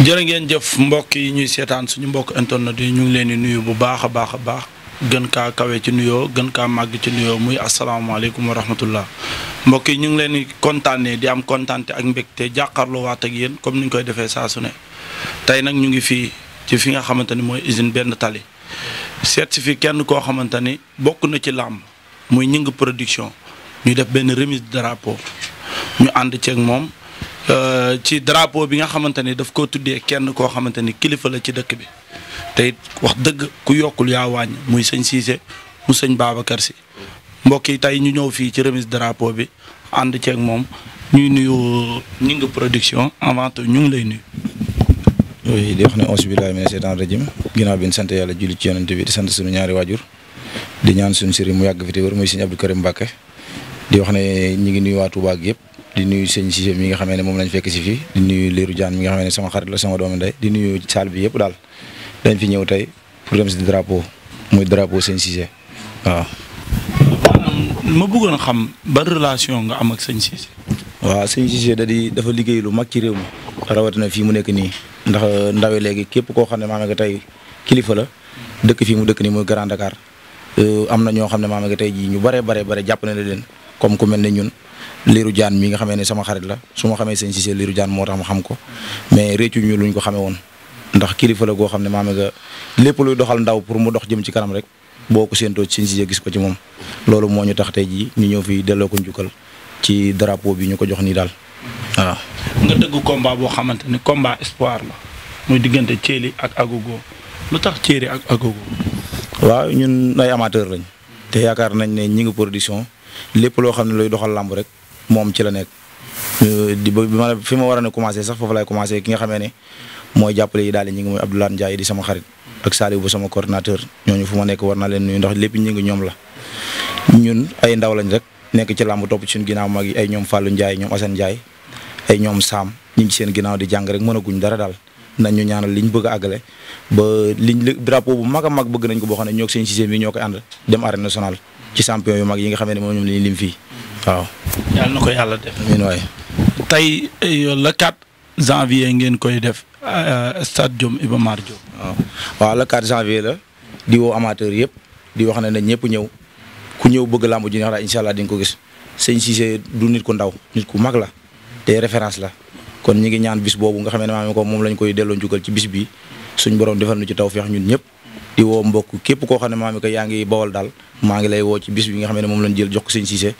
jërë ngeen jëf mbokk yi ñuy seetaan suñu mbokk internet yi ñu ngi leen di nuyu bu baax a baax a baax gën kaa kawe ci nuyoo gën kaa màgg ci nuyoo muy asalaamaaleykum wa rahmatullah mbokk yi ñu ngi leen di kontaanee di am kontaante ak mbégte jàkkaarloo waat ak yéen comme ni ñu koy defee saasu ne tey nag ñu ngi fii ci fi nga xamante ni mooy usine benn tali seet si fi kenn koo xamante ni bokk na ci làmb muy ñing production ñu def benn remise drapeau ñu ànd ceeg moom Euh, ci drapeau bi nga xamante ni daf koo tuddee kenn koo xamante ni kilifa la ci dëkk bi tey it wax dëgg ku yokkul yaa waañ muy sëñ Cissé mu sëñ Babacar si mbokk yi tey ñu ñëw fii ci remise drapeau bi ànd ceeg moom ñuy nuyu ñi ngi production avant tout ñu ngi lay nuy oui di wax ne auzu billaahi mina seytaan rajim ginnaaw bi ñu sant yàlla julli ci yonent bi di sant ñaari waajur ñaan suñu sëriñ mu yàgg fi te wër muy sëñ Abdou Karim Mbacke di wax ne ñi ngi nuyu waa Touba ak yëpp di nuyu sëñ Cissé mi nga xamee ne moom lañ fekk si fii di nuyu Lirou jaan mi nga xamee ne sama xarit la sama doomu ndey di nuyu saal bi yëpp daal dañ fi ñëw tey pour dem si drapeau muy drapeau sëñ Cissé waaw. xam ban relation nga am ak sëñ waaw sëñ da di dafa liggéey lu mag ci réew mi rawatina fii mu nekk nii ndax ndawe léegi képp koo xam ne maanaam tey kilifa la dëkk fii mu dëkk nii muy Grand Dakar euh, am na ñoo xam ne maanaam tey jii ñu bare bare bare jàpp na leen comme ku mel ne ñun liiru jaan mi nga xamee ne sama xarit la su ma xamee sëñ Cissé liiru jaan moo tax ma xam ko mais réccu ñu luñ ko xamee woon ndax kilifa la goo xam ne maame nga lépp luy doxal ndaw pour mu dox jëm ci kanam rek boo ko séentoo sëñ Cissé gis ko ci moom loolu moo ñu tax tey jii ñu ñëw fii delloo ko njukkal ci drapeau bi ñu ko jox nii daal waaw. nga dëgg combat boo xamante ni combat espoir la muy diggante Thielly ak Agogo lu tax Thielly ak Agogo. waaw ñun ay amateur lañ. te yaakaar nañ ne ñi ngi production lépp loo xam ne luy doxal làmb rek. moom ci la nekk. di ba ma fi ma war a commencé sax foofu laay commencé ki nga xamee ne mooy jàppale yi daal di ñu ngi mooy Abdoulaye Ndiaye di sama xarit ak Saliou bu sama coordinateur ñooñu fu ma nekk war naa leen nuy ndax lépp ñu ngi ñoom la ñun ay ndaw lañ rek nekk ci làmb topp ci suñu ginnaaw mag yi ay ñoom Fallou Ndiaye ñoom Assane Ndiaye ay ñoom Sam ñu ngi seen ginnaaw di jàng rek mënaguñ dara daal nañu ñu ñaanal liñ bëgg a ba liñ drapeau bu mag a mag bëgg nañ ko boo xam ñoo ko seen système bi ñoo yu mag yi nga xamee ne moom ñoom lañu lim fii waaw. yàlla na ko yàlla def. amiin waay. tey euh, le 4 janvier ngeen koy def euh, stade Iba Mar Diop. waaw waaw le 4 janvier la di woo amateur yëpp di wax ne nañ ñëpp ñëw ku ñëw bëgg làmb ji neex la incha ko gis sëñ Cissé du nit ku ndaw nit ku mag la te référence la kon ñu ngi ñaan bis boobu nga xam ne maanaam moom lañ koy delloo njukkal ci bis bi suñ borom defal nu ci feex ñun ñëpp. di woo mbokk képp koo xam ne maam ko yaa ngi bawal daal maa ngi lay woo ci bis bi nga xam ne moom lañ jël jox ko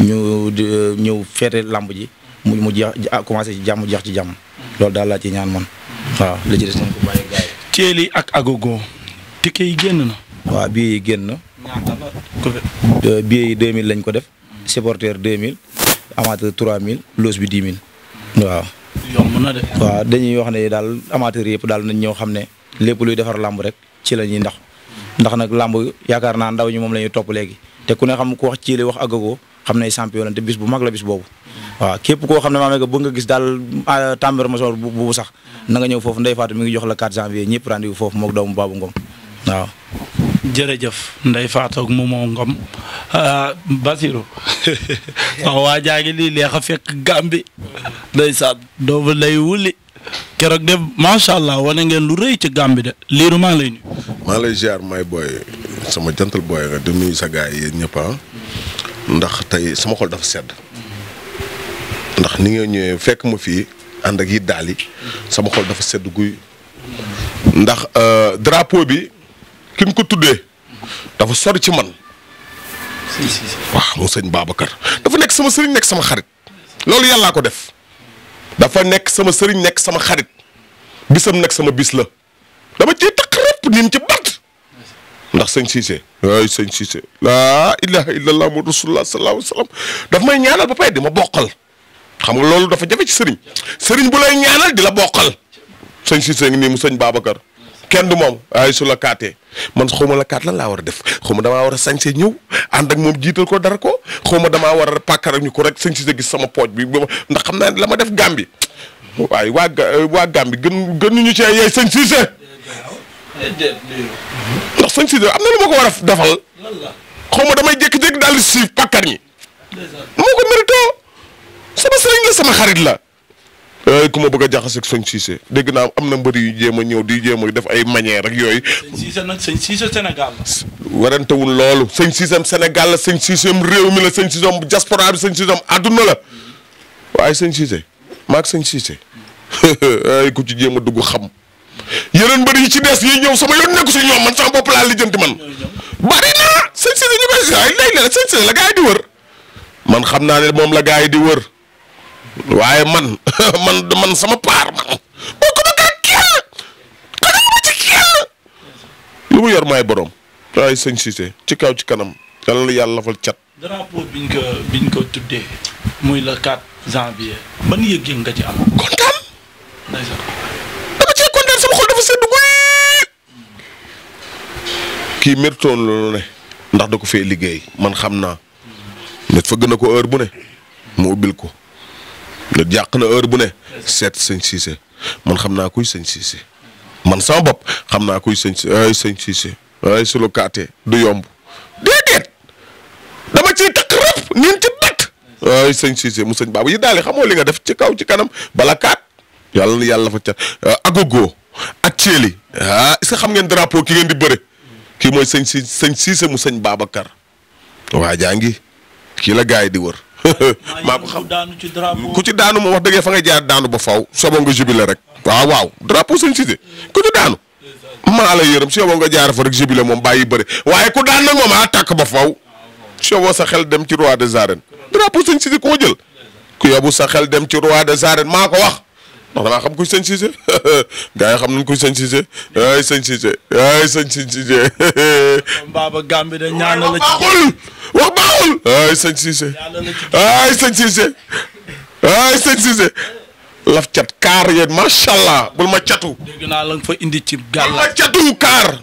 ñu euh, ñëw feete làmb ji mu mu jeex commencé ci jàmm jeex ci jàmm loolu daal laa ci ñaan man waaw li ci des nañ ko ak Agogo ticket yi génn na. waa bi yi génn na. ñaata la. Euh, billet yi lañ ko def. supporter 2000. amateur 3000 loos bi 10 000. waaw. yomb na de. dañuy wax ne daal amateur yëpp daal nañ ñëw xam ne lépp luy defar làmb rek ci la ñuy ndax ndax nag làmb yaakaar naa ndaw ñi moom la ñuy topp léegi te ku ne xam ku wax ci Thiély wax Agogo xam ne champion la te bis bu mag la bis boobu waaw képp ko xam ne maanaam bëgg nga gis daal ah, Tambacounda bu sax nanga ñëw foofu Ndeye Fatou mi ngi jox la 4 janvier ñëpp rendez-vous foofu moog doomu Babou Ngom waaw. jërëjëf Ndeye Fatou ak Momo Ngom ah, Basirou sax waa ngi nii leex a fekk Gàmbi ndeysaan doomu lay wuli keroog de macha allah wane ngeen lu rëy ci Gàmbi de liiru maa lay nuyu. maa lay ziar may booy sama jantal booy nga di nuyu sa gars yi ndax tey sama xol dafa sedd ndax ni nga ñëwee fekk ma fii ànd ak yi daal yi sama xol dafa sedd guy ndax euh, drapeau bi ki mu ko tuddee dafa sori ci man. si si waaw mu sëñ Babacar dafa nekk sama sëriñ nekk sama xarit loolu yàllaa ko def dafa nekk sama sëriñ nekk sama xarit bisam nekk sama bis la dama ciy taq rëpp ni ci bat ndax sëñ Cissé waay sëñ Cissé laa ilaha illallah mu rasulullah sallallahu alayhi wasallam daf may ñaanal ba pare di ma bokkal xam nga loolu dafa jafe ci sëriñ sëriñ bu lay ñaanal di la bokkal sëñ Cissé ngi nii mu sëñ Babacar kenn du moom ay su la kaatee man xaw ma la kaat lan laa war a def xaw ma damaa war a sañse ñëw ànd ak moom jiital ko dara ko xaw ma damaa war a pàkkar ñu ko rek sëñ Cissé gis sama pooj bi ndax xam naa la ma def Gàmbi waaye waa waa Gàmbi gën gënuñu ci ay sëñ Cissé ndax sëñ Sidi am na lu ma ko war a defal. xaw ma damay jékki-jékki daal di suy pàkkar ñi. moo ko mérito sama sëriñ la sama xarit la. ay eh, ku ma bëgg a jaxase ak sëñ dégg naa am na mbër yu jéem a ñëw di jéem a def ay manière ak yooyu. sëñ Cissé nag loolu sëñ Cissé Sénégal la réew mi la sëñ Cissé diaspora bi sëñ Cissé àdduna la waaye sëñ Cissé maag sëñ Cissé ay eh, ku ci jéem a dugg xam. yeneen mbër yi ci des yi ñëw sama yoon nekku si ñoom man sama bopp laa lijjanti man. bari sëñ si nag sëñ la gaa di wër man xam naa ne moom la gaa yi di wër waaye man man sama paar man bokkuma gaa kenn xajuma ci kenn. lu mu yor maay borom. waaye sëñ Cissé ci kaw ci kanam yàlla na yàlla lafal cat. drapeau biñ ko biñ muy le 4 janvier ban yëg-yëg ci sedd guy kii méritoon la ne ndax da ko fee liggéey man xam naa nit fa gën ko heure bu ne mu ubbil ko nit yàq na heure bu ne seet sëñ Cissé man xam naa kuy sëñ Cissé man sama bopp xam naa kuy sëñ ay sëñ ay sulu kaate du yomb déedéet dama ciy takk rëpp niin ci bat ay sëñ Cissé mu sëñ baaba yi daal xamoo li nga def ci kaw ci kanam bala kaat yàlla na yàlla fa cat agogo ak Thielé ah xam ngeen drapeau ki ngeen di bëre ki mooy sëñ si sëñ Cissé mu sëñ Babacar waa jaa ngi kii la gars yi di wër. maa ko xam ku ci daanu ma wax dëggee fa nga jaar daanu ba faw sobo nga jubile rek waaw waaw drapeau sëñ Cissé ku ci daanu maa la yërëm sobo nga jaar fa rek jubile moom bàyyi bëri waaye ku daan nag moom a ah, tàkk ba faw sobo sa xel dem ci roi des arènes drapeau sëñ Cissé koo jël ku yóbbu sa xel dem ci roi de arènes maa ko wax. ndax dangaa xam kuy sëñ gaa yi xam nañ kuy sëñ Cissé ay sëñ Cissé ay sëñ Cissé. Mbaba Gambi ay sëñ ay sëñ ay sëñ laf cat kaar yéen macha allah bul ma catu. dégg naa la nga fa indi ci gàll. bul ma catu kaar.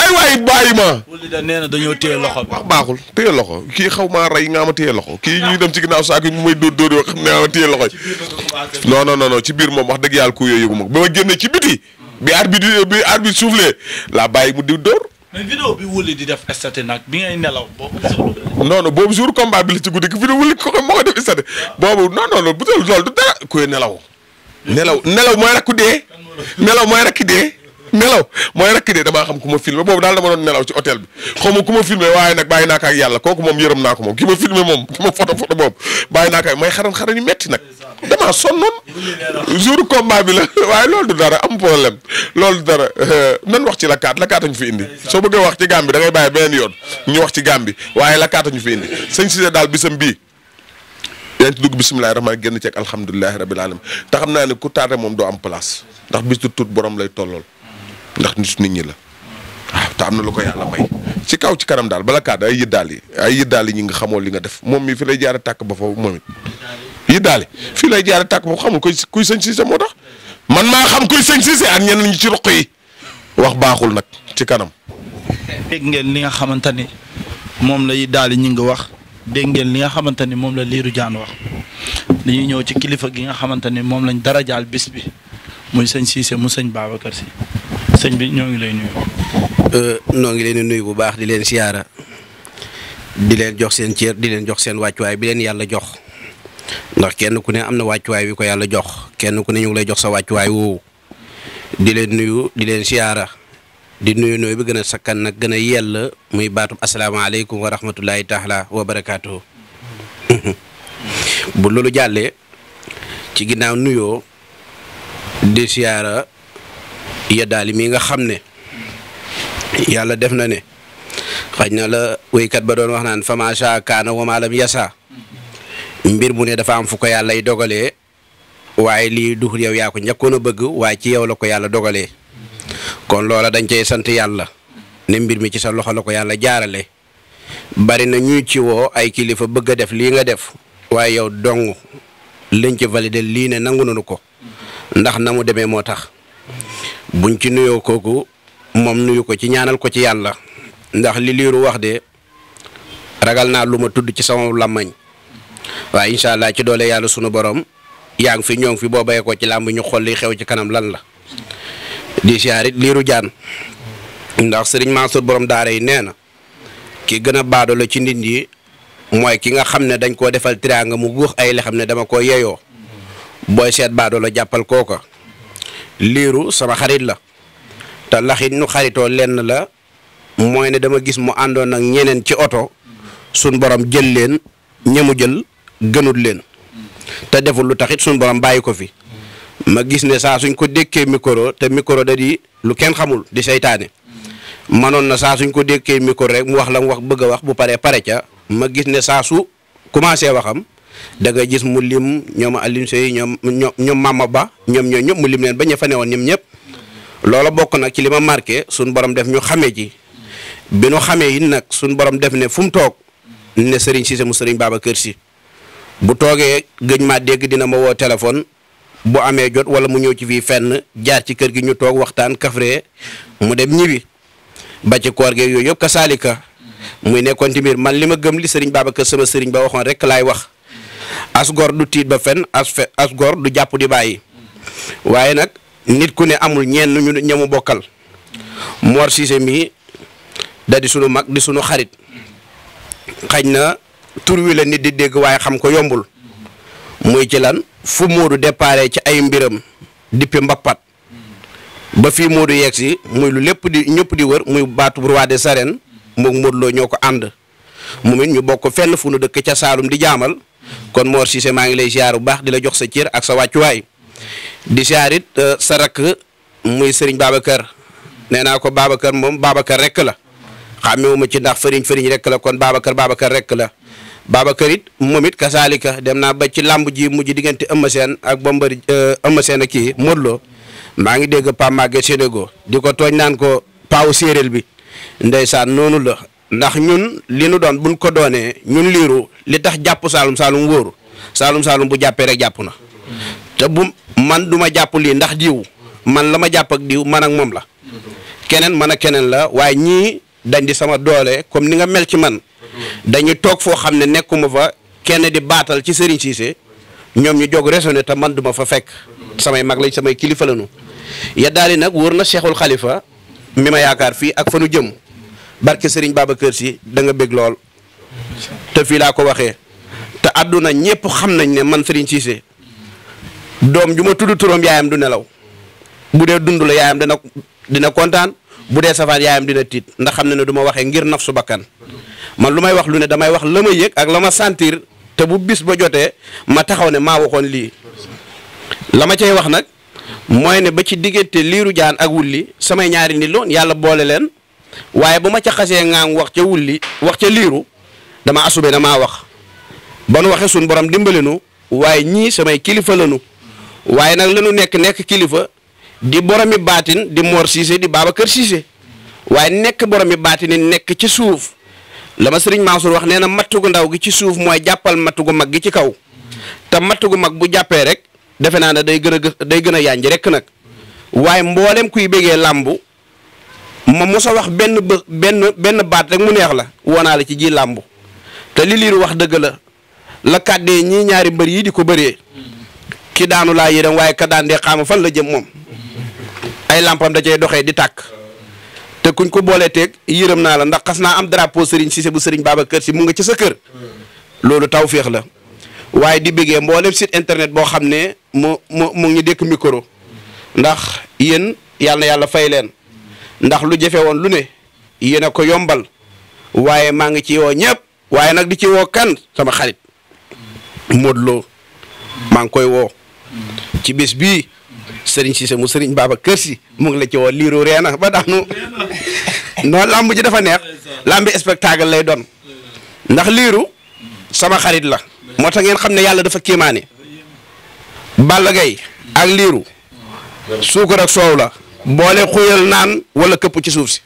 ay waay bàyyi ma. wuli da nee na dañoo téye loxo bi. wax baaxul téye loxo kii xaw maa rey nga ma téye loxo kii ñuy dem ci ginnaaw saako mu may dóor dóor yoo xam ne nga ma téye loxo yi. non non non ci biir moom wax dëgg yàlla ku yooyu yëgu ma ba ma génne ci biti. bi arbitre bi arbitre soufflé laa bàyyi mu di dóor. mais vidéo bi wuli di def statut nag bi ngay nelaw boobu. non non boobu jour combat bi la ci guddi gi vidéo wuli ko moo ko def statut boobu non non non bu dul loolu du dara kuy nelaw. nelaw nelaw mooy rakku dee. nelaw mooy rakku dee. nelaw mooy rakk de damaa xam ku ma filmé boobu daal dama doon nelaw ci hôtel bi xaw ma ku ma filmé waaye nag bàyyi naa ko ak yàlla kooku moom yërëm naa ko moom ki ma filmé moom ki ma photo photo boobu bàyyi naa ko may xaran xaran yu metti nag damaa sonnoon jour combat bi la waaye loolu dara am problème loolu du dara nan wax ci la kaat ñu fi indi soo bëggee wax ci gàm bi da ngay bàyyi beneen yoon ñu wax ci gàm bi waaye la kaatañu fi indi sëñ Cissé daal bisam bii yaa ngi ci dugg bisimilah rahmaani génn ceeg alhamdulilah rabil alamin te xam naa ne ku tardé moom doo am place ndax bis du tuut borom lay tollool ndax nit nit ñi la waaw te am na lu ko yàlla may ci kaw ci kanam daal bala kaat ay yëddaal ay yëddaal ñi nga xamoo li nga def moom mi fi lay jaara tàkk ba foofu moom it yëddaal yi fii lay jaara tàkk ba xamul koy kuy sëñ Cissé moo tax man maa xam kuy sëñ Cissé ak ñenn ñi ci ruq wax baaxul nag ci kanam dégg ngeen li nga xamante ni moom la yëddaal ñi nga wax dégg ngeen li nga xamante ni moom la liiru jaan wax dañuy ñëw ci kilifa gi nga xamante ni moom lañ dara jaal bis bi muy sëñ Cissé mu sëñ Babacar Sy sëñ bi ñoo ngi lay nuyu. Euh, noo ngi leen di nuyu bu baax di leen siyaara di leen jox seen cër di leen jox seen wàccuwaay bi leen yàlla jox ndax kenn ku ne am na wàccuwaay bi ko yàlla jox kenn ku ne ñu ngi lay jox sa waay woowu di leen nuyu di leen siyaara di nuyu nuyu bi gëna sakkan nag gën a yell muy baatub asalaamaaleykum wa rahmatulahi taala wa barakaatu. bu loolu jàllee ci ginnaaw nuyoo di siyaara. yeddaali mii nga xam ne yàlla def na ne xaj na la wéykat ba doon wax naan fa maa shaa kaana wa maa lam mbir mu ne dafa am fu ko yàlla lay dogalee waaye lii duxul yow yaa ko njëkkoon a bëgg waaye ci yow la ko yàlla dogalee kon loola dañ cey sant yàlla ne mbir mi ci sa loxo la ko yàlla jaarale bari na ñuy ci woo ay kilifa bëgg a def lii nga def waaye yow dong liñ ci validé lii ne nangu nanu ko ndax na mu demee moo tax buñ ci nuyoo kooku moom nuyu ko ci ñaanal ko ci yàlla ndax li liiru wax de ragal naa lu ma tudd ci sama làmmañ waaye incha allah ci doole yàlla sunu borom yaa ngi fi ñoo ngi fi boo bayee ko ci làmb ñu xool li xew ci kanam lan la di siyaarit liiru jaan ndax sëriñ Mansour borom daara yi nee na ki gën a baadoolo ci nit yi mooy ki nga xam ne dañ koo defal triangle mu guux ay la xam ne dama ko yeyoo booy seet baadoolo jàppal kooka liiru sama xarit la te laxit nu xaritoo lenn la mooy ne dama gis mu àndoon ak ñeneen ci oto suñ borom jël leen ñamu jël gënut leen te deful lu taxit sun borom bàyyi ko fi ma gis ne saa suñ ko dékkee mikoro te micro da di lu kenn xamul di seytaane manoon na saa suñ ko dékkee micro rek mu wax la mu wax bëgg a wax bu paree pare ca ma gis ne saa su commencé waxam da ngay gis mu lim ñoom Alioune Seye ñoom ñoom Ba ñoom ñoo ñëpp mu lim leen ba ña ñoom ñëpp loola bokk nag ci li ma marqué suñu borom def ñu xamee ji bi ñu xamee yi nag suñu borom def ne fu mu toog ne Serigne Cissé mu Serigne kër si bu toogee gëj maa dégg dina ma woo téléphone bu amee jot wala mu ñëw ci fii fenn jaar ci kër gi ñu toog waxtaan kafre mu dem ñibi ba ci koor gee yooyu yëpp ka saalika muy nekkoon tamit man li ma gëm li baaba kër sama Serigne ba waxoon rek laay wax. as du tiit ba fen as gor du jàpp di bàyyi waaye nag nit ku ne amul ñenn ñu ñamu bokkal Mor Cissé da di sunu mag di sunu xarit xaj na tur wi nit di dégg waaye xam ko yombul muy ci lan fu Moodu déparé ci ay mbiram dippi mbappat ba fii Moodu yeeg si muy lu lépp di ñëpp di wër muy baatu roi de arènes moom Modou Lo ñoo ko ànd mu it ñu bokk fenn fu nu dëkk ca Saalum di jaamal kon Mor Cissé maa ngi lay ziar bu baax di la jox sa cër ak sa waay di ziar euh, sa rakk muy Serigne Babacar nee naa ko Babacar moom Babacar rek la xàmmewuma ci ndax fëriñ fëriñ rek la kon Babacar Babacar rek la. baba kërit moom it kasaalika dem naa ba ci làmb ji mujj diggante Eumeu Sène ak Bombardier euh, Eumeu Sène ak kii Modou Lo maa ngi dégg Pa Maguette Sénégo di ko tooñ naan ko paawu séeréel bi ndeysaan noonu la. ndax ñun li nu doon buñ ko doonee ñun liiru li tax jàpp saalum saalum wóoru saalum saalum bu jàppee rek jàpp na te bu man duma jàpp lii ndax diw man la ma jàpp ak diw man ak moom la keneen man ak keneen la waaye ñii dañ di sama doole comme ni nga mel ci man dañuy toog foo xam ne nekkuma fa kenn di baatal ci Serigne Cissé ñoom ñu jóg raisonné te man duma fa fekk samay mag lañ samay kilifa la lañu ya daal di nag wër na Cheikhul xalifa mi ma yaakaar fii ak fa nu barke sëriñ Babacar kër si danga bég lool te fii laa ko waxee te àdduna ñëpp xam nañ ne man sëriñ Cissé doom ju ma tudd turam yaayam du nelaw bu dee dund la yaayam dana dina kontaan bu dee safaan yaayam dina tiit ndax xam na ne du ma waxee ngir naf su bakkan man lu may wax lu ne damay wax la ma yëg ak la ma sentir te bu bis ba jotee ma taxaw ne maa waxoon lii la ma cay wax nag mooy ne ba ci diggante liiru jaan ak wulli samay ñaari nit loon yàlla boole leen. waaye bu ma ca xasee ngaang wax ca wulli wax ca liiru dama asube damaa wax ba nu waxee suñ borom dimbali nu waaye ñii samay kilifa lanu waaye nag lanu nekk nekk kilifa di boromi baatin di Mor Cissé di kër siise waaye nekk boromi baatin nekk ci suuf la ma sëriñ Mansour wax nee na mattu gu ndaw gi ci suuf mooy jàppal mattu gu mag gi ci kaw te matt gu mag bu jàppee rek defe naa ne day gën a day gën a yànji rek nag waaye mboolem kuy bégee làmbu ma mos a wax benn bë benn benn baat rek mu neex la wonaa la ci ji làmbu te li liir wax dëgg la la kàddee ñii ñaari mbër yi di ko bëree ki daanu laa yërëm waaye ka daan dee xaama fan la jëm moom ay lampam da cay doxee di tàkk te kuñ ko boolee teeg yërëm naa la ndax xas naa am drapeau Serigne Cissé bu baaba kër si mu nga ci sa kër loolu taw féex la waaye di bëggee mboolem site internet boo xam ne mu mu mu ngi dëkk micro ndax yéen yàlla yàlla fay leen. ndax lu jafe woon lu ne yéen a ko yombal waaye maa ngi ci woo ñëpp waaye nag di ci woo kan sama xarit Modou Lo maa ngi koy woo ci bis bii Serigne Cissé mu Serigne Babacar Sy mu ngi la ci woo liiru reena ba daanu non làmb ji dafa neex làmbi spectacle lay doon ndax liiru sama xarit la moo tax ngeen xam ne yàlla dafa kéemaane Balla Gaye ak liiru suukar ak soow la boole xuyal naan wala këpp ci suuf si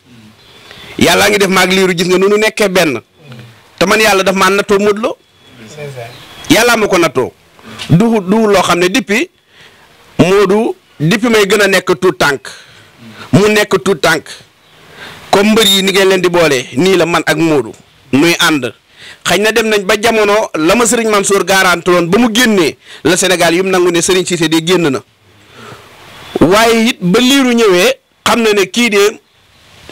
yàlla ngi def maag liiru gis nga nu nu nekkee benn te man yàlla daf maa nattoo Modou Lo yàllaa ma ko nattoo du du loo xam ne depuis Modou depuis may gën a nekk tout tànk mu nekk tout tànk comme mbër yi ni ngeen leen di boole nii la man ak Modou nuy ànd xëy na dem nañ ba jamono la ma Serigne Mansour garanteloon ba mu génnee la Sénégal yum nangu ne Serigne Cissé de génn na waaye it ba liiru ñëwee xam na ne kii de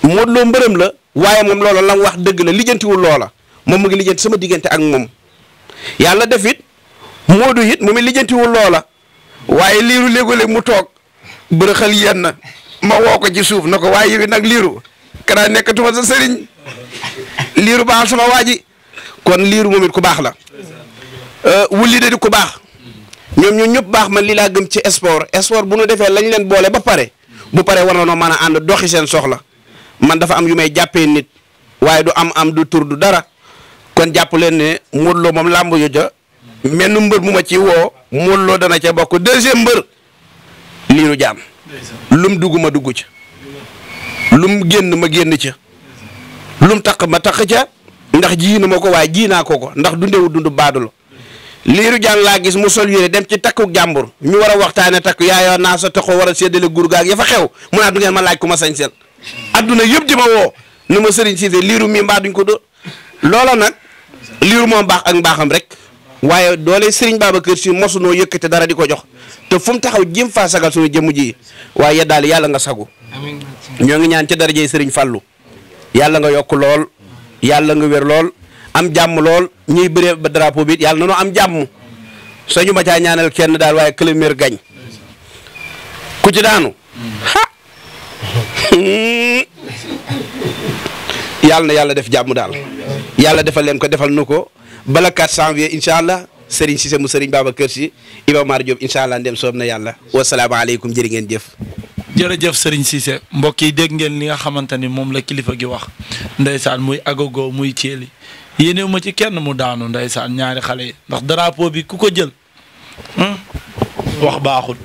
Modou Lo mbërëm la waaye moom loola lam wax dëgg la lijjantiwul loola moom mu ngi lijjanti sama diggante ak moom def it Modou it mu ngi lijjantiwul loola waaye liiru léeg-léeg mu toog bërëxal yenn ma woo ko ci suuf na ko waaye yow nag liiru kanaa nekkatuma sa sëriñ liiru baaxal sama waa ji kon liiru moom it ku baax la euh, wulli de ku baax ñoom ñun ñëpp baax man lii laa gëm ci sport sport bu nu defee lañ leen boole ba pare bu pare war na noo mën a ànd doxi seen soxla man dafa am yu may jàppee nit waaye du am am du tur du dara kon jàpp leen ne Modou Lo moom làmb yu ja menn mbër mu ma ci woo Modou dana ca bokk deuxième mbër lii nu jaam lum dugg ma dugg ca lum génn ma génn ca lum taq ma taq ca ndax jii na ma ko waaye ji naa ko ko ndax dundewul dund baadula liiru jaan laa gis mu sol yére dem ci takku jàmbur ñu war a waxtaane takku yaayoo naa sa taxoo war a séddale guur gaag ya fa xew mu a du ma laaj ku ma sañ seel adduna yëpp di ma woo nu ma sëriñ siise liiru mi mbaa ko dóor loola nag liiru moom mbaax ak mbaaxam rek waaye doole sëriñ kër Si mosunoo yëkkate dara di ko jox te fu mu taxaw jëm faa sagal suñu jëmm ji waaye ya yàlla nga sagu ñoo ngi ñaan ca darajey sëriñ Fàllu yàlla nga yokk lool yàlla nga wér lool am jàmm lool ñuy bëree ba drapeau bi yàlla na am jàmm sañu ma caa ñaanal kenn daal waaye këlëmeer gañ ku ci daanu ha yàlla na yàlla def jàmm daal yàlla defal leen ko defal nu ko bala 4 janvier incha allah Serigne Cissé mu Serigne Babacar si Iba Mar Diop incha allah ndem soob na yàlla wasalaamaaleykum jëri ngeen jëf. jërëjëf Serigne Cissé mbokk yi dégg ngeen li nga xamante ni moom la kilifa gi wax ndeysaan muy agogo muy ceeli yéenewu ma ci kenn mu daanu ndeysaan ñaari xale yi ndax drapeau bi ku ko jël hmm, wax baaxut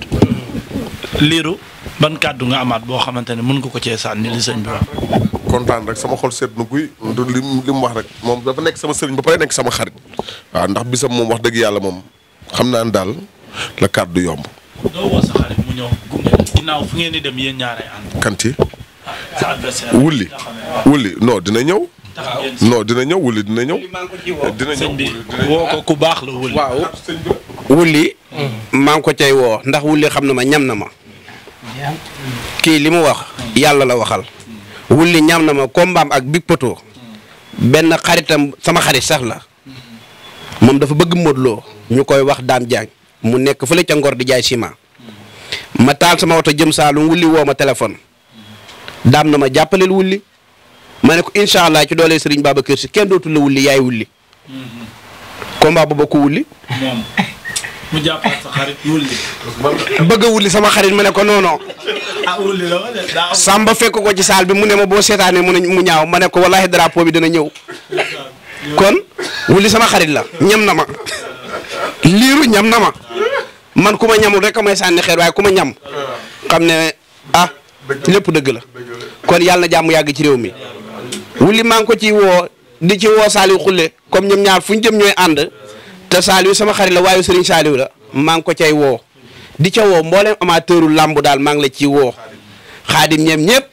liiru ban kàddu nga amaat boo xamante ne mën nga ko cee sànni li sëñ bi wax kontaan rek sama xol seet na guy du lim li mu wax rek moom dafa nekk sama sëriñ ba pare nekk sama xarit waaw ndax bisam moom wax dëgg yàlla moom xam naa ne daal la kàddu yomb doo fu ngeen di dem yéen ñaaree ànd kanti wulli wulli non dina ñëw non dina ñëw wuli dina ñëw. woo ko ku baax la wuli. waaw wuli. Hmm. ngi ko cay woo ndax wuli xam na ma ñam na ma. kii li mu wax. yàlla la waxal. wuli ñam na ma kombaam ak big poto. benn xaritam sama xarit sax la. moom dafa bëgg Modou Lo ñu koy wax Dame Diagne mu nekk fële ca Ngor di jaay ciment. ma taal sama woto jëm Saalum wuli woo ma téléphone. daam na ma jàppaleel wuli. ma ne ko incha allah ci doole baaba kër si kenn dootul la wulli yaay wulli. Mm-hmm. combat boobu ko wulli. wulli. bëgg a wulli sama xarit ma ne ko non ah, fekk ko ci saal bi mu ne ma boo seetaanee mu ne mu ñaaw ma ko wallaahi drapeau bi dana ñëw. kon wulli sama xarit la ñam na ma liiru ñam na ma man ku ma ñamul rek a sànni xeer waaye ku ñam ah. xam ne ah lépp dëgg la kon yàlla na yàgg ci réew mi. wuli maa ngi ko ciy woo di ci woo Saliou Khoule comme ñoom ñaar fu ñu ñooy ànd te Saliou sama xarit la waaye Serigne Saliou la maa ngi ko cay woo di ca woo mboolem amateuru làmb daal maa ngi la ciy woo xaadim ñem ñëpp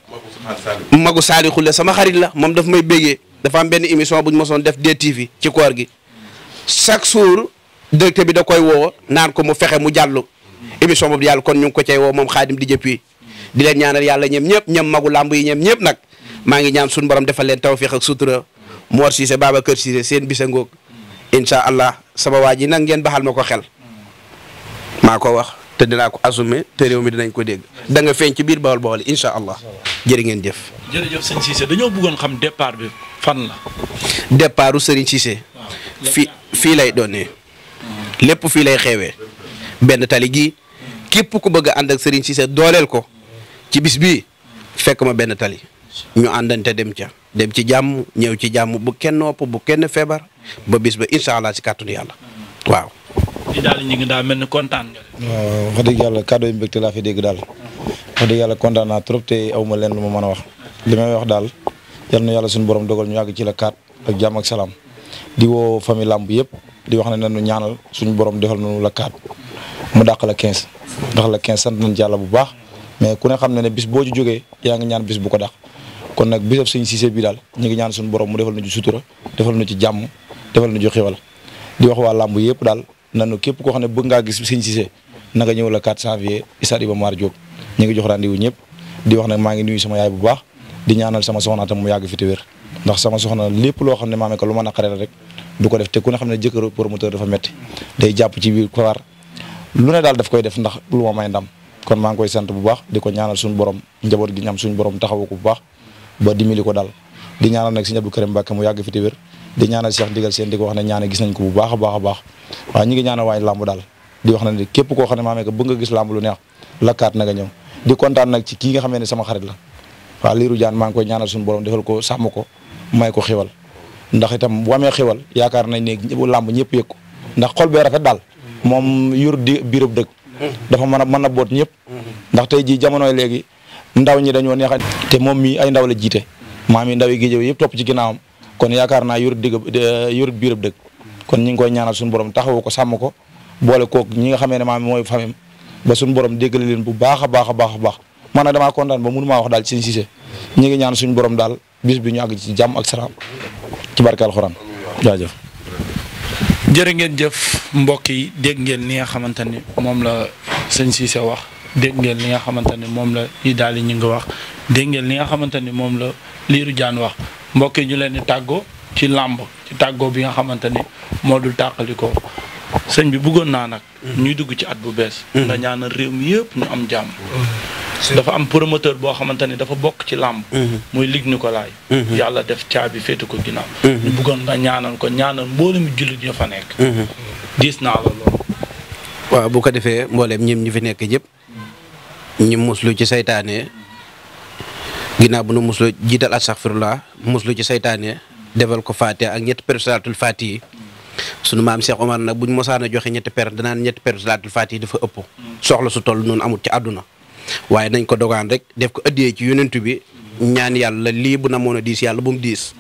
magu Saliou Khoule sama xarit la moom daf may béggee dafa am benn émission bu ñu mosoon def DTV ci koor gi chaque jour directeur bi da koy woo naan ko mu fexe mu jàllu émission boobu yàlla kon ñu ngi ko cay woo moom xaadim di jëpp yi di leen ñaanal yàlla ñem ñëpp ñoom magu làmb yi ñoom ñëpp nag maa ngi ñaan suñu borom defal leen tawféex ak sutura Mor baaba kër Cissé seen bisa ngoog incha allah sama waa ji nag ngeen baxal ma ko xel maa ko wax te dinaa ko assumé te réew mi dinañ ko dégg da nga feeñ ci biir bawol bawol incha allah jërë ngeen jëf. jërëjëf sëñ Cissé dañoo bëggoon xam départ bi fan la. départu Serigne Cissé. fii fii lay doonee. lépp fii lay xewee benn tali gi képp ku bëgg a ànd ak Serigne Cissé dooleel ko ci bis bi fekk ma benn tali. ñu àndante dem ca dem ci jàmm ñëw ci jàmm bu kenn nopp bu kenn feebar ba bis ba incha allah si kàttanu yàlla waaw. ñu ngi daal mel ni kontaan waaw wax dëgg yàlla kàddu yu mbégte laa fi dégg daal wax yàlla kontaan naa trop aw ma leen lu ma mën a wax. li may wax daal yal yàlla suñu borom dogal ñu yàgg ci la kaat ak jàmm ak salaam di woo famille làmb yëpp di wax ne nañu ñaanal suñu borom defal nañu la kaat mu dàq la 15 ndax la 15 sant nañ ci bu baax mais ku ne xam ne ne bis boo ci jógee yaa ngi ñaan bis bu ko dàq kon nag bisab sëñ Cissé bi daal ñu ngi ñaan suñu borom mu defal na ci sutura defal na ci jàmm defal na ci xewal di wax waa làmb yëpp daal na nanu képp koo xam ne bëgg ngaa gis sëñ Cissé naka ñëw la 4 janvier stade Iba Mar Diop ñu ngi jox rendez-vous ñëpp di wax nag maa ngi nuyu sama yaay bu baax di ñaanal sama soxna tam mu yàgg fi te wér ndax sama soxna lépp loo xam ne maame ko lu ma naqare la rek ko def te ku ne xam ne jëkkër promoteur dafa metti day jàpp ci biir kowaar lu ne daal daf koy def ndax lu ma may kon maa ngi koy sant bu baax di ko ñaanal suñu borom njaboot gi ñam suñu borom taxawu ko bu baax ba dimbali ko daal di ñaanal nag sëñ Abdou Karim Mbacke mu yàgg fi te wér di ñaanal Cheikh Ndigal seen di ko wax ne ñaane gis nañ ko bu baax a baax a baax waaye ñu ngi waañ làmb daal di wax ne képp ko na nga ñëw xamee ne sama xarit la waaw liiru jaan maa ngi koy ñaanal suñu borom defal ko sàmm ko may ko xewal ndax itam bu xewal yaakaar nañ ne làmb ñëpp yëg ndax xol bee rafet daal moom yur di biirub dëkk mm-hmm. dafa mën a mën a boot ñëpp mm-hmm. ndax tey jii jamonoy léegi ndaw ñi dañoo neex te moom mii ay ndaw la jiite maam yi ndaw yi géej yëpp topp ci ginnaawam kon yaakaar naa yor digg yor biirab dëgg kon ñu ngi koy ñaanal suñu boroom taxawu ko sàmm ko boole kook ñi nga xamee ne maam mooy famem ba suñu borom déggale leen bu baax a baax a baax a baax man nag damaa kontaan ba mënu maa wax daal ci seen Cissé ñu ngi ñaan suñu borom daal bis bi ñu jàmm ak salaam ci barke alxuraan jaajëf ngeen jëf mbokk yi dégg ngeen li nga xamante ni moom la sëñ Cissé wax dégg ngeen li nga xamante ne moom la i daal ñu ngi wax dégg ngeen li nga xamante ni moom la liiru jaan wax mbokk ñu leen tàggoo ci làmb ci tàggoo bi nga xamante ni moo dul tàqalikoo sëñ bi buggoon naa nag ñuy dugg ci at bu bees mm-hmm. nga ñaanal réew mi yëpp ñu am jàmm mm-hmm. dafa am promoteur boo xamante ni dafa bokk ci làmb mm-hmm. muy lig ni ko laay yàlla def caabi féete ko ginnaaw ñu bëggoon nga ñaanal ko ñaanal mboolem jullit ya fa nekk diis naa la loolu waaw bu ko defee mbooleem ñim ñi fi nekk ñëpp ñu muslu ci saytaane ginnaaw bu nu muslu jiital astaxfirullah muslu ci seytaane defal ko faatiha ak ñetti per salaatul faatihi sunu maam Cheikh Omar nag buñ mosaan a joxe ñetti per danaan ñetti per salaatul faatihi dafa ëpp soxla su toll noonu amut ci àdduna waaye nañ ko dogaan rek def ko ëddee ci yonent bi ñaan yàlla lii bu na moon a diis yàlla bu mu diis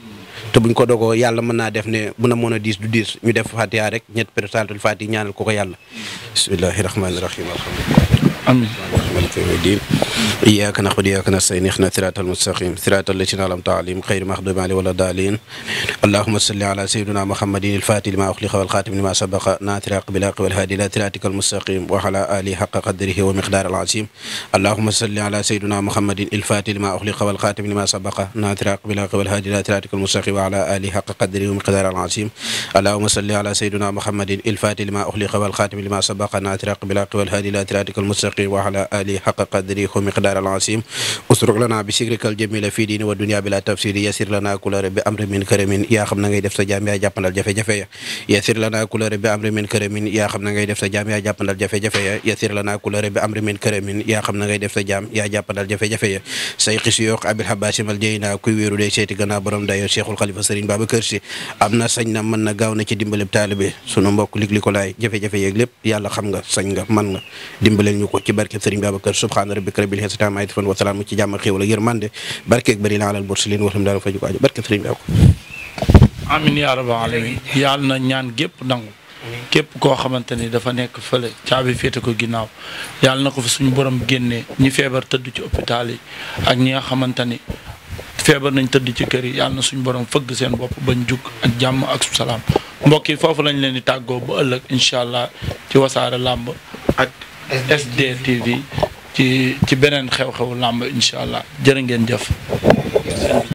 te buñ ko dogoo yàlla mën naa def ne bu na moon a diis du diis ñu def fatiha rek ñetti per salaatul faatihi ñaanal ko ko yàlla bismillahi rahmaani rahim مالك يوم الدين إياك نعبد وإياك نستعين اهدنا الصراط المستقيم صراط الذين أنعمت عليهم غير المغضوب عليهم ولا الضالين اللهم صل على سيدنا محمد الفاتح لما أغلق والخاتم لما سبق ناصر الحق بالحق والهادي إلى صراطك المستقيم وعلى آله حق قدره ومقداره العظيم اللهم صل على سيدنا محمد الفاتح لما أغلق والخاتم لما سبق ناصر الحق بالحق والهادي إلى صراطك المستقيم وعلى آله حق قدره ومقداره العظيم اللهم صل على سيدنا محمد الفاتح لما أغلق والخاتم لما سبق ناصر الحق بالحق والهادي إلى صراطك المستقيم وعلى آله حق قدره ومقدار العظيم اسرق لنا بسرك الجميل في دين والدنيا بلا تفسير يسر لنا كل رب امر من كرم يا خم نغي ديف سا جام يا جابندال جافي جافي يسر لنا كل رب امر من كرم يا خم نغي ديف سا جام يا جابندال جافي جافي يسر لنا كل رب امر من كرم يا خم نغي ديف سا جام يا جابندال جافي جافي سيخ سيوخ ابي الحباسم الجينا كوي ويرو دي سيتي غنا بروم دايو شيخul xalifa Serigne Babacar Sy am na sañ na mën na gaaw na ci dimbalib taalibe sunu mbokk lig li ko laay jafe-jafe yeeg lépp yàlla xam nga sañ nga man nga dimbaleel ñu ko ci barkeb Serigne Babacar kër subhaana rabbika rabbil izzati ammaa yasifuun wa salaamun ko aju barke sëriñ amin yaa rabbal alamin yàlla na ñaan gépp nangu képp koo xamante ni dafa nekk fële caabi féete ko ginnaaw yàlla na ko fi suñu borom génnee ñi feebar tëdd ci hôpital yi ak ñi nga ni feebar nañ tëdd ci kër yi yàlla na suñu borom fëgg seen bopp bañ jug ak jàmm ak salaam mbokk yi foofu lañ leen di tàggoo ba ëllëg incha allah ci wasaare làmb ak SDTV ci ci beneen xew-xewu làmb incha allah jërë ngeen jëf.